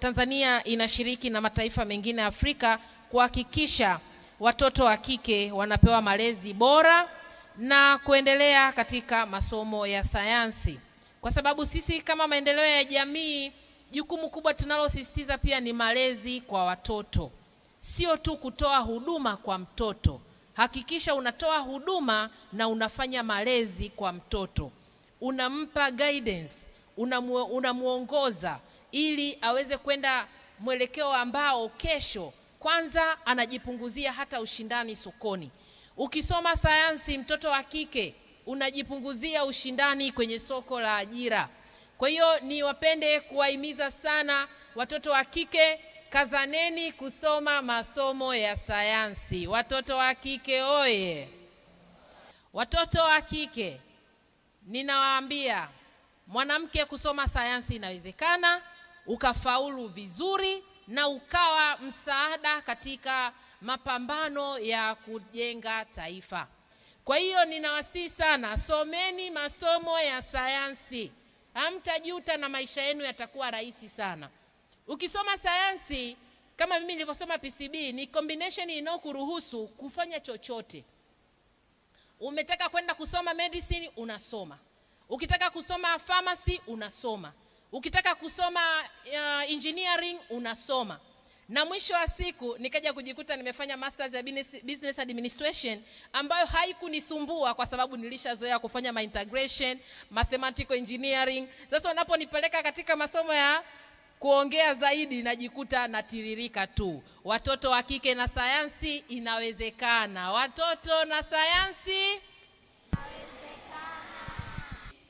Tanzania inashiriki na mataifa mengine Afrika kuhakikisha watoto wa kike wanapewa malezi bora na kuendelea katika masomo ya sayansi, kwa sababu sisi kama maendeleo ya jamii, jukumu kubwa tunalosisitiza pia ni malezi kwa watoto, sio tu kutoa huduma kwa mtoto. Hakikisha unatoa huduma na unafanya malezi kwa mtoto, unampa guidance, unamuongoza ili aweze kwenda mwelekeo ambao kesho kwanza anajipunguzia hata ushindani sokoni. Ukisoma sayansi, mtoto wa kike unajipunguzia ushindani kwenye soko la ajira. Kwa hiyo ni wapende kuwahimiza sana watoto wa kike, kazaneni kusoma masomo ya sayansi. Watoto wa kike oye! Watoto wa kike ninawaambia, mwanamke kusoma sayansi inawezekana ukafaulu vizuri na ukawa msaada katika mapambano ya kujenga taifa. Kwa hiyo ninawasihi sana, someni masomo ya sayansi, hamtajuta na maisha yenu yatakuwa rahisi sana. Ukisoma sayansi kama mimi nilivyosoma PCB, ni combination inayokuruhusu kufanya chochote. Umetaka kwenda kusoma medicine, unasoma. Ukitaka kusoma pharmacy, unasoma. Ukitaka kusoma uh, engineering unasoma na mwisho wa siku nikaja kujikuta nimefanya masters ya business, business administration ambayo haikunisumbua kwa sababu nilishazoea kufanya ma integration, mathematical engineering. Sasa wanaponipeleka katika masomo ya kuongea zaidi najikuta natiririka tu. Watoto wa kike na sayansi, inawezekana. Watoto na sayansi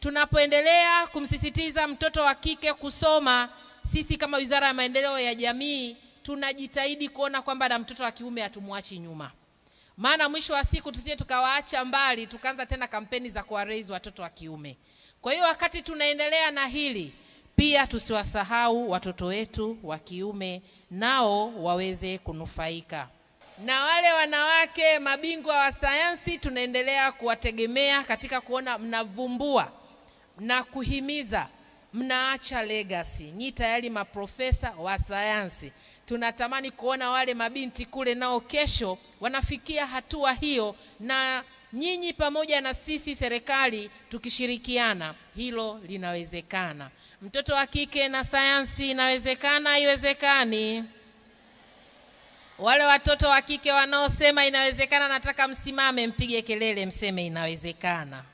Tunapoendelea kumsisitiza mtoto wa kike kusoma, sisi kama Wizara ya Maendeleo ya Jamii tunajitahidi kuona kwamba na mtoto wa kiume hatumwachi nyuma, maana mwisho wa siku tusije tukawaacha mbali, tukaanza tena kampeni za kuwaraise watoto wa kiume. Kwa hiyo wakati tunaendelea na hili pia tusiwasahau watoto wetu wa kiume nao waweze kunufaika. Na wale wanawake mabingwa wa sayansi tunaendelea kuwategemea katika kuona mnavumbua na kuhimiza mnaacha legacy. Nyi tayari maprofesa wa sayansi, tunatamani kuona wale mabinti kule nao kesho wanafikia hatua hiyo, na nyinyi pamoja na sisi serikali tukishirikiana, hilo linawezekana. Mtoto wa kike na sayansi, inawezekana? Haiwezekani? Wale watoto wa kike wanaosema inawezekana, nataka msimame, mpige kelele, mseme inawezekana.